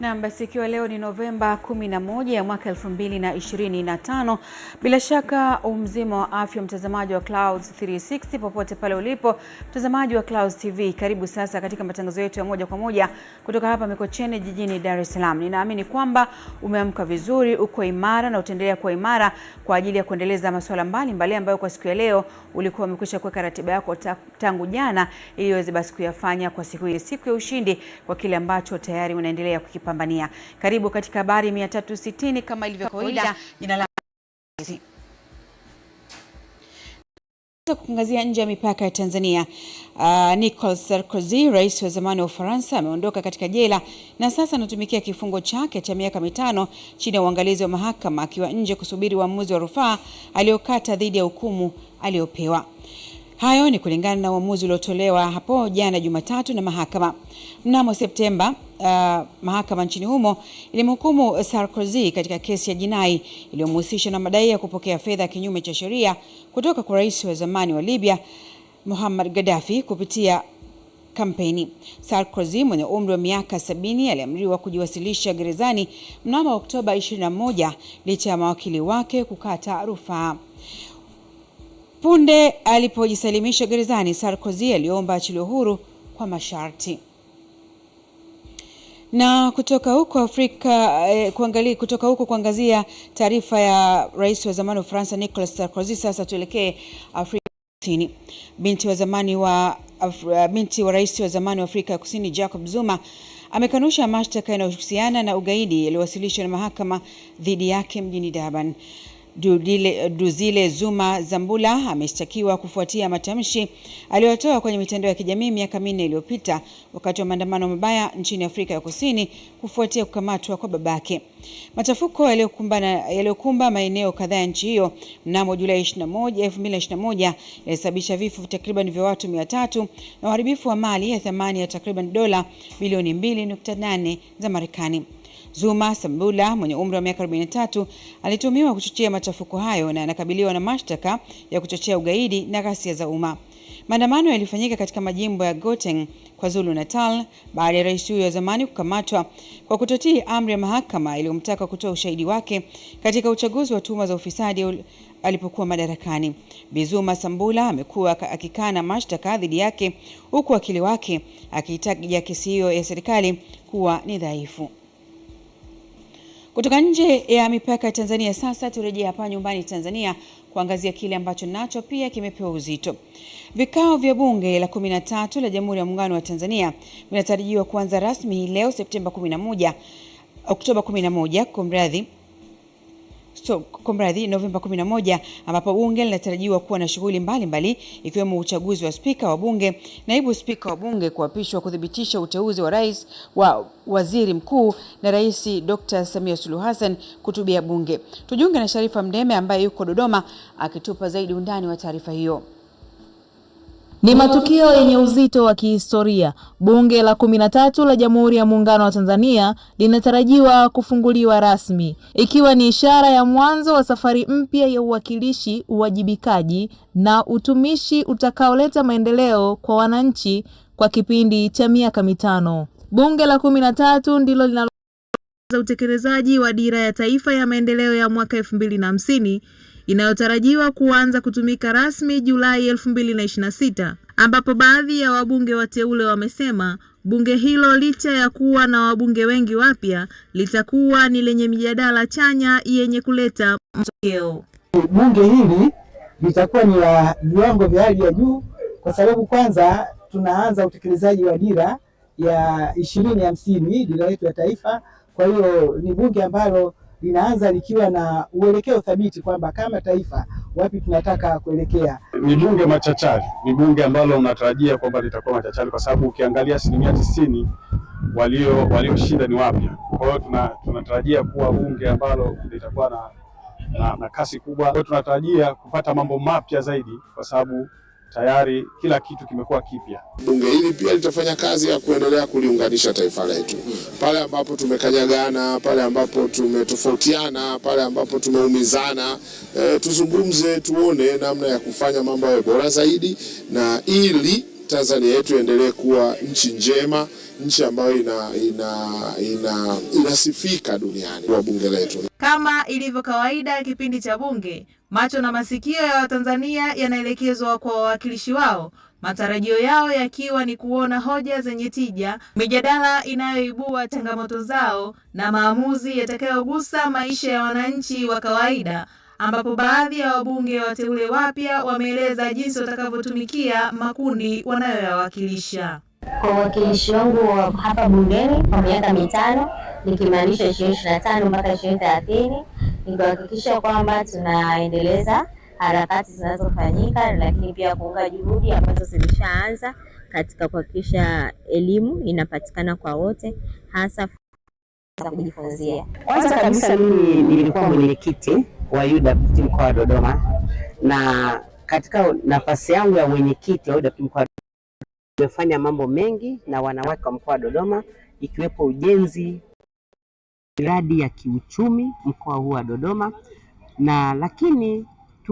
Naam, basi ikiwa leo ni Novemba 11 ya mwaka 2025, bila shaka umzima wa afya mtazamaji wa Clouds 360 popote pale ulipo, mtazamaji wa Clouds TV, karibu sasa katika matangazo yetu ya moja kwa moja kutoka hapa Mikocheni jijini Dar es Salaam. Ninaamini kwamba umeamka vizuri, uko imara na utaendelea kuwa imara kwa ajili ya kuendeleza masuala mbalimbali ambayo kwa siku ya leo ulikuwa umekwisha kuweka ratiba yako tangu jana ili uweze basi kuyafanya kwa siku hii, siku ya ushindi kwa kile ambacho tayari unaendelea kukipa kupambania. Karibu katika habari 360 kama ilivyo kawaida, jina la kuangazia nje ya mipaka ya Tanzania. Uh, Nicolas Sarkozy, rais wa zamani wa Ufaransa, ameondoka katika jela na sasa anatumikia kifungo chake cha miaka mitano chini ya uangalizi wa mahakama akiwa nje kusubiri uamuzi wa rufaa aliokata dhidi ya hukumu aliyopewa. Hayo ni kulingana na uamuzi uliotolewa hapo jana Jumatatu na mahakama. Mnamo Septemba, uh, mahakama nchini humo ilimhukumu Sarkozy katika kesi ya jinai iliyomhusisha na madai ya kupokea fedha kinyume cha sheria kutoka kwa rais wa zamani wa Libya Muhammad Gaddafi kupitia kampeni. Sarkozy mwenye umri wa miaka sabini aliamriwa kujiwasilisha gerezani mnamo Oktoba 21 licha ya mawakili wake kukata rufaa. Punde alipojisalimisha gerezani, Sarkozy aliomba achiliwe huru kwa masharti. Na kutoka huko Afrika eh, kuangalia kutoka huko kuangazia taarifa ya rais wa zamani wa Ufaransa Nicolas Sarkozy, sasa tuelekee Afrika Kusini. Binti wa zamani wa Afra, eh, binti wa rais wa zamani wa Afrika ya Kusini Jacob Zuma amekanusha mashtaka yanayohusiana na ugaidi yaliyowasilishwa na mahakama dhidi yake mjini Durban. Dudile, Duzile Zuma Zambula ameshtakiwa kufuatia matamshi aliyotoa kwenye mitandao ya kijamii miaka minne iliyopita wakati wa maandamano mabaya nchini Afrika ya Kusini kufuatia kukamatwa kwa babake. Machafuko yaliyokumba maeneo kadhaa ya nchi hiyo mnamo Julai 21, 2021 yalisababisha vifo takriban vya watu 300 na uharibifu wa mali ya thamani ya takriban dola bilioni 2.8 za Marekani. Zuma Sambula mwenye umri wa miaka 43 alitumiwa kuchochea machafuko hayo na anakabiliwa na mashtaka ya kuchochea ugaidi na ghasia za umma. Maandamano yalifanyika katika majimbo ya Gauteng, KwaZulu Natal baada ya rais huyo wa zamani kukamatwa kwa kutotii amri ya mahakama iliyomtaka kutoa ushahidi wake katika uchaguzi wa tuhuma za ufisadi alipokuwa madarakani. Bizuma Sambula amekuwa akikana mashtaka dhidi yake huku wakili wake akiitaja kesi hiyo ya serikali kuwa ni dhaifu. Kutoka nje ya mipaka ya Tanzania sasa turejee hapa nyumbani Tanzania kuangazia kile ambacho nacho pia kimepewa uzito. Vikao vya Bunge la 13 la Jamhuri ya Muungano wa Tanzania vinatarajiwa kuanza rasmi hii leo Septemba 11, Oktoba 11 kumradhi, so, mradhi Novemba 11 ambapo bunge linatarajiwa kuwa na shughuli mbalimbali ikiwemo uchaguzi wa spika wa bunge, naibu spika wa bunge kuapishwa, kuthibitisha uteuzi wa rais wa waziri mkuu na Rais Dr. Samia Suluhu Hassan kutubia bunge. Tujiunge na Sharifa Mdeme ambaye yuko Dodoma akitupa zaidi undani wa taarifa hiyo. Ni matukio yenye uzito wa kihistoria. Bunge la kumi na tatu la Jamhuri ya Muungano wa Tanzania linatarajiwa kufunguliwa rasmi, ikiwa ni ishara ya mwanzo wa safari mpya ya uwakilishi, uwajibikaji na utumishi utakaoleta maendeleo kwa wananchi kwa kipindi cha miaka mitano. Bunge la kumi na tatu ndilo linaloongoza utekelezaji wa Dira ya Taifa ya Maendeleo ya mwaka elfu mbili na hamsini inayotarajiwa kuanza kutumika rasmi Julai 2026 ambapo baadhi ya wabunge wateule wamesema bunge hilo licha ya kuwa na wabunge wengi wapya litakuwa ni lenye mijadala chanya yenye kuleta matokeo. Bunge hili litakuwa ni la viwango vya hali ya juu kwa sababu kwanza tunaanza utekelezaji wa dira ya ishirini hamsini, dira yetu ya taifa. Kwa hiyo ni bunge ambalo linaanza likiwa na uelekeo thabiti kwamba kama taifa wapi tunataka kuelekea. Ni bunge machachari, ni bunge ambalo unatarajia kwamba litakuwa machachari kwa sababu ukiangalia asilimia tisini walio walioshinda ni wapya. Kwa hiyo tuna, tunatarajia kuwa bunge ambalo litakuwa na, na, na kasi kubwa. Kwa hiyo tunatarajia kupata mambo mapya zaidi kwa sababu tayari kila kitu kimekuwa kipya. Bunge hili pia litafanya kazi ya kuendelea kuliunganisha taifa letu, pale ambapo tumekanyagana, pale ambapo tumetofautiana, pale ambapo tumeumizana, e, tuzungumze, tuone namna ya kufanya mambo yawe bora zaidi na ili Tanzania yetu endelee kuwa nchi njema, nchi ambayo ina, ina, ina, inasifika duniani kwa bunge letu. Kama ilivyo kawaida kipindi cha bunge, macho na masikio ya Watanzania yanaelekezwa kwa wawakilishi wao, matarajio yao yakiwa ni kuona hoja zenye tija, mijadala inayoibua changamoto zao na maamuzi yatakayogusa maisha ya wananchi wa kawaida ambapo baadhi ya wabunge wateule wapya wameeleza jinsi watakavyotumikia makundi wanayoyawakilisha. Kwa uwakilishi wangu wa hapa bungeni kwa miaka mitano nikimaanisha ishirini ishirini na tano mpaka ishirini thelathini nikuhakikisha kwamba tunaendeleza harakati zinazofanyika, lakini pia kuunga juhudi ambazo zilishaanza katika kuhakikisha elimu inapatikana kwa wote, hasa kujifunzia. Kwanza kabisa mimi nilikuwa mwenyekiti wa UWT mkoa wa Dodoma, na katika nafasi yangu ya mwenyekiti wa UWT mkoa wa Dodoma mambo mengi na wanawake wa mkoa wa Dodoma, ikiwepo ujenzi miradi ya kiuchumi mkoa huu wa Dodoma na lakini